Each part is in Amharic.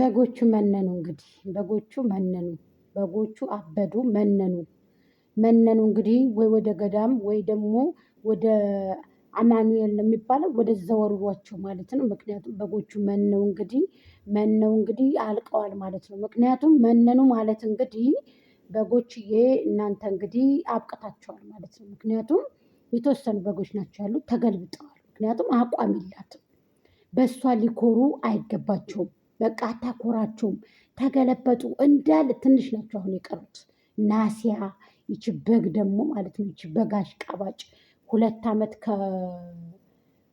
በጎቹ መነኑ። እንግዲህ በጎቹ መነኑ፣ በጎቹ አበዱ፣ መነኑ መነኑ። እንግዲህ ወይ ወደ ገዳም ወይ ደግሞ ወደ አማኑኤል የሚባለው ወደ ዘወሯቸው ማለት ነው። ምክንያቱም በጎቹ መነው እንግዲህ መነው እንግዲህ አልቀዋል ማለት ነው። ምክንያቱም መነኑ ማለት እንግዲህ በጎችዬ እናንተ እንግዲህ አብቅታቸዋል ማለት ነው። ምክንያቱም የተወሰኑ በጎች ናቸው ያሉት ተገልብጠዋል። ምክንያቱም አቋም የላትም። በእሷ ሊኮሩ አይገባቸውም። በቃ አታኮራችሁም፣ ተገለበጡ እንዳለ ትንሽ ናቸው አሁን የቀሩት። ናሲያ ይች በግ ደግሞ ማለት ነው ይች በግ አሽቃባጭ ሁለት ዓመት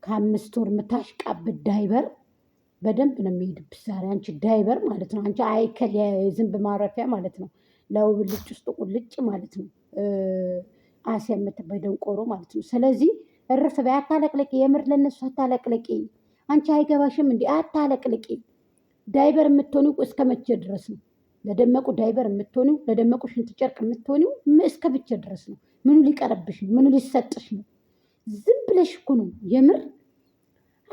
ከአምስት ወር የምታሽቃብት ዳይበር በደንብ ነው የሚሄድብሽ ዛሬ። አንቺ ዳይበር ማለት ነው አንቺ አይከል የዝንብ ማረፊያ ማለት ነው። ልጭ ውስጥ ቁልጭ ማለት ነው። አሲያ የምትባይ ደንቆሮ ማለት ነው። ስለዚህ እርፍ በይ፣ አታለቅለቂ። የምር ለነሱ አታለቅለቂ። አንቺ አይገባሽም እንዲህ አታለቅለቂ። ዳይበር የምትሆኑ እስከ መቼ ድረስ ነው? ለደመቁ ዳይበር የምትሆኑ ለደመቁ ሽንት ጨርቅ የምትሆኑ እስከ መቼ ድረስ ነው? ምኑ ሊቀረብሽ ነው? ምኑ ሊሰጥሽ ነው? ዝም ብለሽ ኩኑ የምር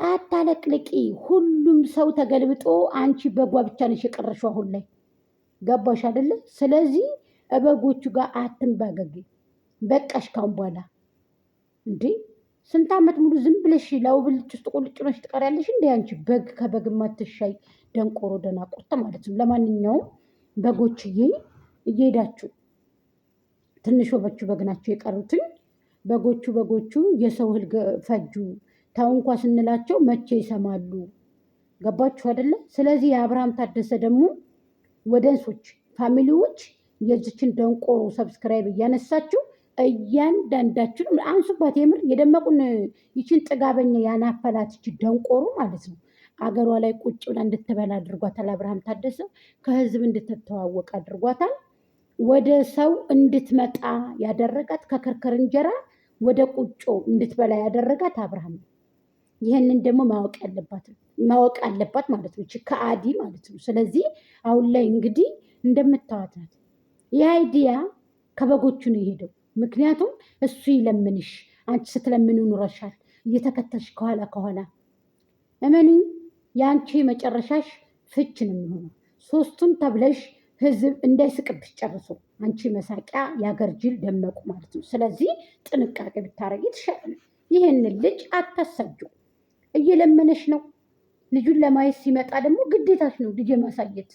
አታለቅልቂ። ሁሉም ሰው ተገልብጦ አንቺ በጓ ብቻ ነሽ የቀረሽው አሁን ላይ ገባሽ አይደለ? ስለዚህ እበጎቹ ጋር አትንባገቢ። በቃሽ። ካሁን በኋላ እንዴ ስንት ዓመት ሙሉ ዝም ብለሽ ለውብልጭ ውስጥ ቁልጭ ነሽ ትቀሪያለሽ እንዴ? አንቺ በግ ከበግ ማትሻይ ደንቆሮ ደናቁርት ማለት ነው። ለማንኛውም በጎችዬ እየሄዳችሁ ትንሽ በቹ በግናቸው የቀሩትኝ በጎቹ በጎቹ የሰው ህልግ ፈጁ ተው እንኳ ስንላቸው መቼ ይሰማሉ። ገባችሁ አይደለም? ስለዚህ የአብርሃም ታደሰ ደግሞ ወደ እንሶች ፋሚሊዎች የዚችን ደንቆሮ ሰብስክራይብ እያነሳችሁ እያንዳንዳችሁ አንሱባት። የምር የደመቁን ይችን ጥጋበኛ ያናፈላት ይች ደንቆሮ ማለት ነው። አገሯ ላይ ቁጭ ብላ እንድትበላ አድርጓታል። አብርሃም ታደሰ ከህዝብ እንድትተዋወቅ አድርጓታል። ወደ ሰው እንድትመጣ ያደረጋት ከክርክር እንጀራ ወደ ቁጮ እንድትበላ ያደረጋት አብርሃም ነው። ይህንን ደግሞ ማወቅ ያለባት ማወቅ አለባት ማለት ነው፣ ከአዲ ማለት ነው። ስለዚህ አሁን ላይ እንግዲህ እንደምታዋት ናት። ይህ አይዲያ ከበጎቹ ነው የሄደው። ምክንያቱም እሱ ይለምንሽ፣ አንቺ ስትለምኑ ኑረሻል፣ እየተከተልሽ ከኋላ ከኋላ እመኒ የአንቺ መጨረሻሽ ፍች ነው የሚሆነው። ሶስቱም ተብለሽ ህዝብ እንዳይስቅብሽ ጨርሶ አንቺ መሳቂያ የአገር ጅል ደመቁ ማለት ነው። ስለዚህ ጥንቃቄ ብታረጊ ትሻል። ይህንን ልጅ አታሳጅው። እየለመነሽ ነው። ልጁን ለማየት ሲመጣ ደግሞ ግዴታሽ ነው ልጅ ማሳየት።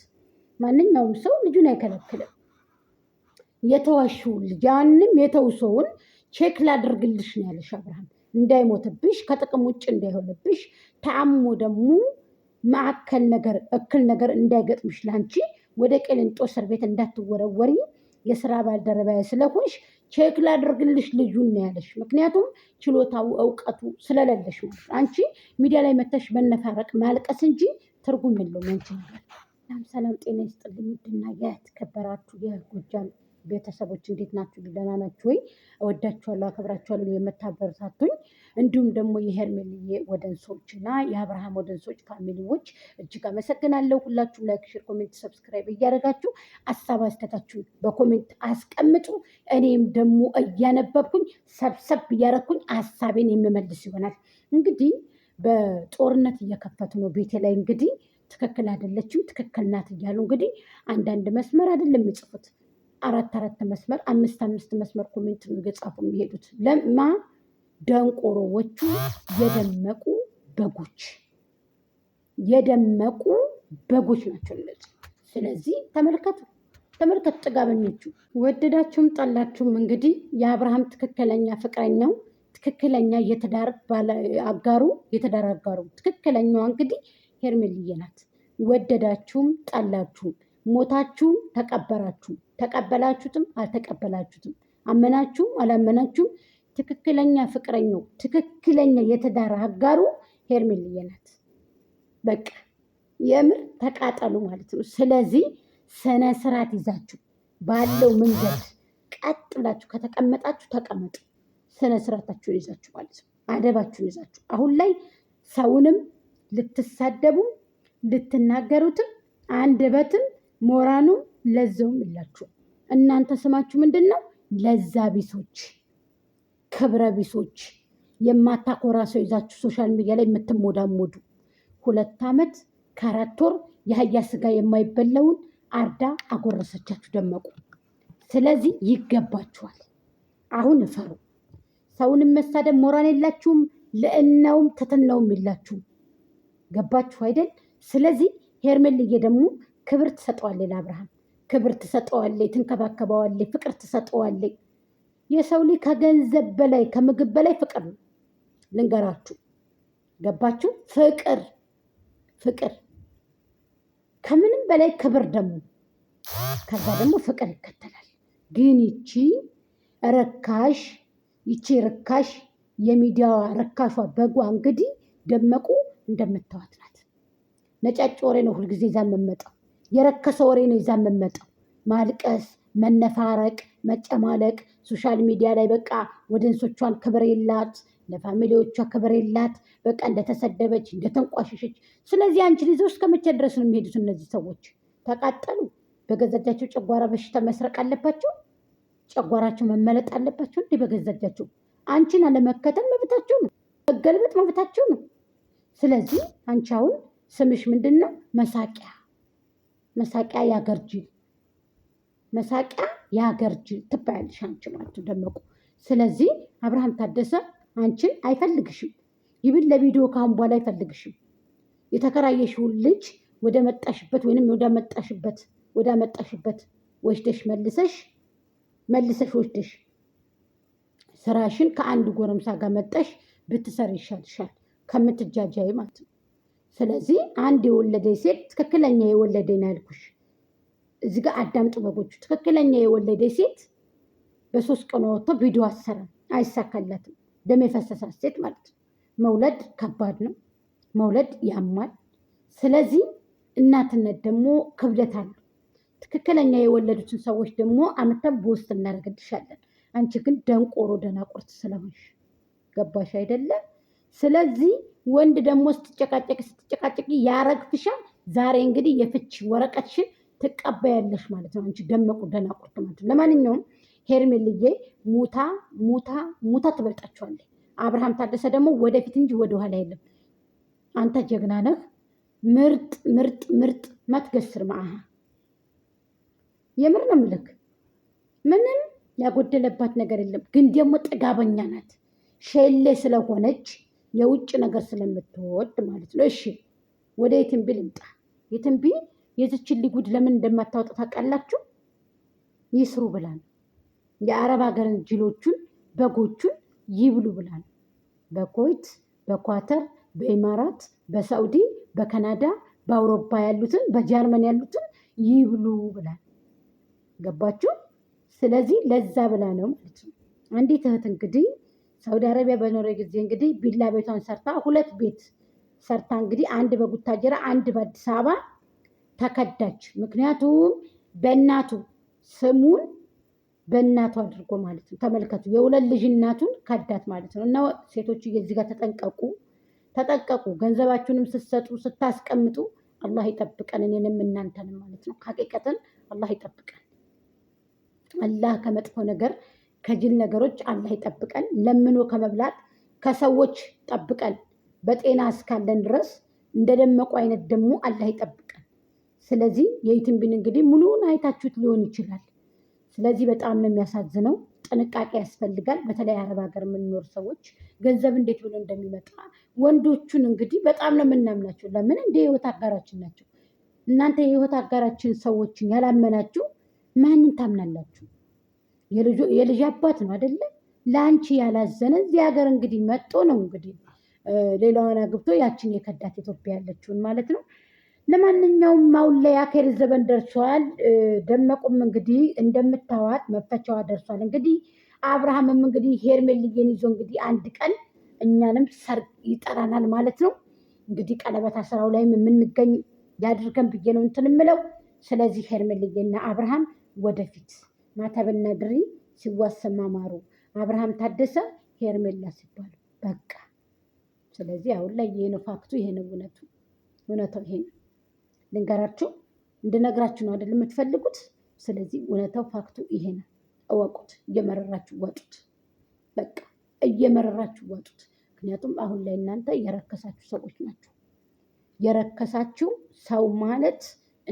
ማንኛውም ሰው ልጁን አይከለክልም። የተዋሽውን ልጅ ያንም ሰውን ቼክ ላድርግልሽ ነው ያለሽ አብርሃም እንዳይሞትብሽ፣ ከጥቅም ውጭ እንዳይሆንብሽ ተአሞ ደግሞ ማዕከል ነገር እክል ነገር እንዳይገጥምሽ ላንቺ ወደ ቄሊንጦ እስር ቤት እንዳትወረወሪ የስራ ባልደረባ ስለሆንሽ ቼክ ላደርግልሽ ልዩን ነው ያለሽ። ምክንያቱም ችሎታው እውቀቱ ስለሌለሽ ማለት አንቺ ሚዲያ ላይ መተሽ መነፋረቅ ማልቀስ እንጂ ትርጉም የለውም። ያንቺ ነገር ሰላም ጤና ይስጥልኝ። ውድና የተከበራችሁ የጎጃም ቤተሰቦች እንዴት ናችሁ? ደህና ናችሁ ወይ? እወዳችኋለሁ፣ አከብራችኋለሁ የምታበረታቱኝ እንዲሁም ደግሞ የሄርሜልዬ ወደንሶች እና የአብርሃም ወደንሶች ፋሚሊዎች እጅግ አመሰግናለሁ። ሁላችሁም ላይክ፣ ሼር፣ ኮሜንት፣ ሰብስክራይብ እያደረጋችሁ አሳብ አስተታችሁን በኮሜንት አስቀምጡ። እኔም ደግሞ እያነበብኩኝ ሰብሰብ እያደረግኩኝ ሀሳቤን የምመልስ ይሆናል። እንግዲህ በጦርነት እየከፈቱ ነው ቤቴ ላይ እንግዲህ ትክክል አይደለችም፣ ትክክል ናት እያሉ እንግዲህ አንዳንድ መስመር አይደለም የሚጽፉት አራት አራት መስመር አምስት አምስት መስመር ኮሜንት ነው እየጻፉ የሚሄዱት። ለማ ደንቆሮዎቹ የደመቁ በጎች የደመቁ በጎች ናቸው እነዚህ። ስለዚህ ተመልከቱ ተመልከቱ ጥጋበኞቹ። ወደዳችሁም ጠላችሁም እንግዲህ የአብርሃም ትክክለኛ ፍቅረኛው ትክክለኛ የትዳር አጋሩ የትዳር አጋሩ ትክክለኛዋ እንግዲህ ሄርሜልዬ ናት። ወደዳችሁም ጠላችሁም ሞታችሁም ተቀበራችሁ፣ ተቀበላችሁትም አልተቀበላችሁትም፣ አመናችሁም አላመናችሁም፣ ትክክለኛ ፍቅረኛው ትክክለኛ የትዳር አጋሩ ሄርሜላዬ ናት። በቃ የምር ተቃጠሉ ማለት ነው። ስለዚህ ስነ ስርዓት ይዛችሁ ባለው መንገድ ቀጥ ብላችሁ ከተቀመጣችሁ ተቀመጡ። ስነ ስርዓታችሁን ይዛችሁ ማለት ነው። አደባችሁን ይዛችሁ አሁን ላይ ሰውንም ልትሳደቡ ልትናገሩትም አንድ በትም ሞራኑ ለዘውም ይላችሁ። እናንተ ስማችሁ ምንድን ነው? ለዛ ቢሶች፣ ክብረ ቢሶች፣ የማታኮራ ሰው ይዛችሁ ሶሻል ሚዲያ ላይ የምትሞዳሞዱ ሁለት ዓመት ከአራት ወር የአህያ ስጋ የማይበላውን አርዳ አጎረሰቻችሁ ደመቁ። ስለዚህ ይገባችኋል። አሁን እፈሩ። ሰውን መሳደብ ሞራን የላችሁም፣ ልዕናውም ትትናውም የላችሁም። ገባችሁ አይደል? ስለዚህ ሄርሜልዬ ደግሞ ክብር ትሰጠዋለች፣ ለአብርሃም ክብር ትሰጠዋለች፣ ትንከባከበዋለች፣ ፍቅር ትሰጠዋለች። የሰው ልጅ ከገንዘብ በላይ ከምግብ በላይ ፍቅር ነው። ልንገራችሁ፣ ገባችሁ? ፍቅር ፍቅር ከምንም በላይ ክብር ደግሞ ከዛ ደግሞ ፍቅር ይከተላል። ግን ይቺ ረካሽ ይቺ ርካሽ የሚዲያዋ ረካሿ በጓ እንግዲህ ደመቁ እንደምታዋት ናት። ነጫጭ ወሬ ነው ሁልጊዜ ዛ የምመጣው የረከሰ ወሬ ነው ይዛ የምመጣው። ማልቀስ፣ መነፋረቅ፣ መጨማለቅ ሶሻል ሚዲያ ላይ በቃ ወደ እንሶቿን ክብር የላት ለፋሚሊዎቿ ክብር የላት። በቃ እንደተሰደበች እንደተንቋሸሸች። ስለዚህ አንቺ ይዘው እስከ መቼ ድረስ ነው የሚሄዱት እነዚህ ሰዎች? ተቃጠሉ። በገዛጃቸው ጨጓራ በሽታ መስረቅ አለባቸው። ጨጓራቸው መመለጥ አለባቸው። እንዲህ በገዛጃቸው አንቺን አለመከተል መብታቸው ነው። መገልበጥ መብታቸው ነው። ስለዚህ አንቺ አሁን ስምሽ ምንድን ነው? መሳቂያ መሳቂያ ያገር ጅል መሳቂያ የሀገር ጅል ትባያለሽ አንቺ ማለት ደመቁ። ስለዚህ አብርሃም ታደሰ አንቺን አይፈልግሽም። ይብን ለቪዲዮ ካሁን በኋላ አይፈልግሽም። የተከራየሽውን ልጅ ወደ መጣሽበት ወይም ወደ መጣሽበት ወስደሽ መልሰሽ መልሰሽ ወስደሽ ስራሽን ከአንድ ጎረምሳ ጋር መጠሽ ብትሰር ይሻልሻል ከምትጃጃይ ማለት ነው። ስለዚህ አንድ የወለደች ሴት ትክክለኛ የወለደ ነው ያልኩሽ። እዚህ ጋር አዳምጡ ትክክለኛ የወለደች ሴት በሶስት ቀን ወጥቶ ቪዲዮ አሰረ አይሳካለትም። ደም የፈሰሳት ሴት ማለት ነው። መውለድ ከባድ ነው። መውለድ ያማል። ስለዚህ እናትነት ደግሞ ክብደት አለው። ትክክለኛ የወለዱትን ሰዎች ደግሞ አምተን በውስጥ እናደርግልሻለን። አንቺ ግን ደንቆሮ ደናቁርት ስለሆንሽ ገባሽ አይደለም? ስለዚህ ወንድ ደግሞ ስትጨቃጨቅ ስትጨቃጨቅ ያረግፍሻል። ዛሬ እንግዲህ የፍች ወረቀትሽን ትቀበያለሽ ማለት ነው። አንቺ ደመቁ ደናቁርት ማለት ነው። ለማንኛውም ሄርሜልዬ ሙታ ሙታ ሙታ ትበልጣቸዋለች። አብርሃም ታደሰ ደግሞ ወደፊት እንጂ ወደኋላ የለም። አንተ ጀግና ነህ። ምርጥ ምርጥ ምርጥ መትገስር ማአ የምር ነው ምልክ ምንም ያጎደለባት ነገር የለም። ግን ደግሞ ጥጋበኛ ናት ሸሌ ስለሆነች የውጭ ነገር ስለምትወድ ማለት ነው። እሺ ወደ የትንቢ ልምጣ። የትንቢ የዝችን ሊጉድ ለምን እንደማታወጣ ታውቃላችሁ? ይስሩ ብላ ነው። የአረብ ሀገርን ጅሎቹን በጎቹን ይብሉ ብላ ነው። በኮይት በኳተር በኢማራት በሳዑዲ በካናዳ በአውሮፓ ያሉትን በጀርመን ያሉትን ይብሉ ብላ ገባችሁ? ስለዚህ ለዛ ብላ ነው ማለት ነው። አንዲት እህት እንግዲህ ሳውዲ አረቢያ በኖረ ጊዜ እንግዲህ ቢላ ቤቷን ሰርታ ሁለት ቤት ሰርታ እንግዲህ አንድ በቡታጀራ አንድ በአዲስ አበባ ተከዳች። ምክንያቱም በእናቱ ስሙን በእናቱ አድርጎ ማለት ነው። ተመልከቱ፣ የሁለት ልጅ እናቱን ከዳት ማለት ነው። እና ሴቶች እዚህ ጋር ተጠንቀቁ፣ ተጠንቀቁ። ገንዘባችሁንም ስትሰጡ ስታስቀምጡ አላህ ይጠብቀን፣ እኔንም እናንተንም ማለት ነው። ሀቂቀትን አላህ ይጠብቀን፣ አላህ ከመጥፎ ነገር ከጅል ነገሮች አላህ ይጠብቀን። ለምኖ ከመብላት ከሰዎች ጠብቀን። በጤና እስካለን ድረስ እንደደመቁ አይነት ደግሞ አላህ ይጠብቀን። ስለዚህ የይትንቢን እንግዲህ ሙሉውን አይታችሁት ሊሆን ይችላል። ስለዚህ በጣም ነው የሚያሳዝነው። ጥንቃቄ ያስፈልጋል። በተለይ አረብ ሀገር የምንኖር ሰዎች ገንዘብ እንዴት ብሎ እንደሚመጣ ወንዶቹን እንግዲህ በጣም ነው የምናምናቸው። ለምን እንደ ህይወት አጋራችን ናቸው። እናንተ የህይወት አጋራችን ሰዎችን ያላመናችሁ ማንን ታምናላችሁ? የልጅ አባት ነው አደለ? ለአንቺ ያላዘነ እዚህ ሀገር እንግዲህ መጦ ነው እንግዲህ ሌላዋን አግብቶ ያችን የከዳት ኢትዮጵያ ያለችውን ማለት ነው። ለማንኛውም አሁን ላይ አካሄድ ዘበን ደርሷል። ደመቁም እንግዲህ እንደምታዋት መፈቻዋ ደርሷል። እንግዲህ አብርሃምም እንግዲህ ሄርሜልዬን ይዞ እንግዲህ አንድ ቀን እኛንም ሰርግ ይጠራናል ማለት ነው። እንግዲህ ቀለበታ ስራው ላይም የምንገኝ ያድርገን ብዬ ነው እንትን ስለዚህ ሄርሜልዬና አብርሃም ወደፊት ማተብና ድሪ ሲዋሰማ ማሩ አብርሃም ታደሰ ሄርሜላ ሲባሉ በቃ። ስለዚህ አሁን ላይ ይሄ ነው ፋክቱ፣ ይሄ ነው እውነቱ። እውነታው ይሄ ነው። ልንገራችሁ፣ እንድነግራችሁ ነው አይደል የምትፈልጉት? ስለዚህ እውነታው ፋክቱ ይሄ ነው። እወቁት፣ እየመረራችሁ ወጡት። በቃ እየመረራችሁ ወጡት። ምክንያቱም አሁን ላይ እናንተ የረከሳችሁ ሰዎች ናቸው። የረከሳችሁ ሰው ማለት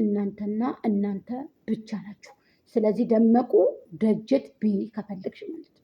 እናንተና እናንተ ብቻ ናችሁ። ስለዚህ ደመቁ ደጀት ቢ ከፈለግሽ ማለት ነው።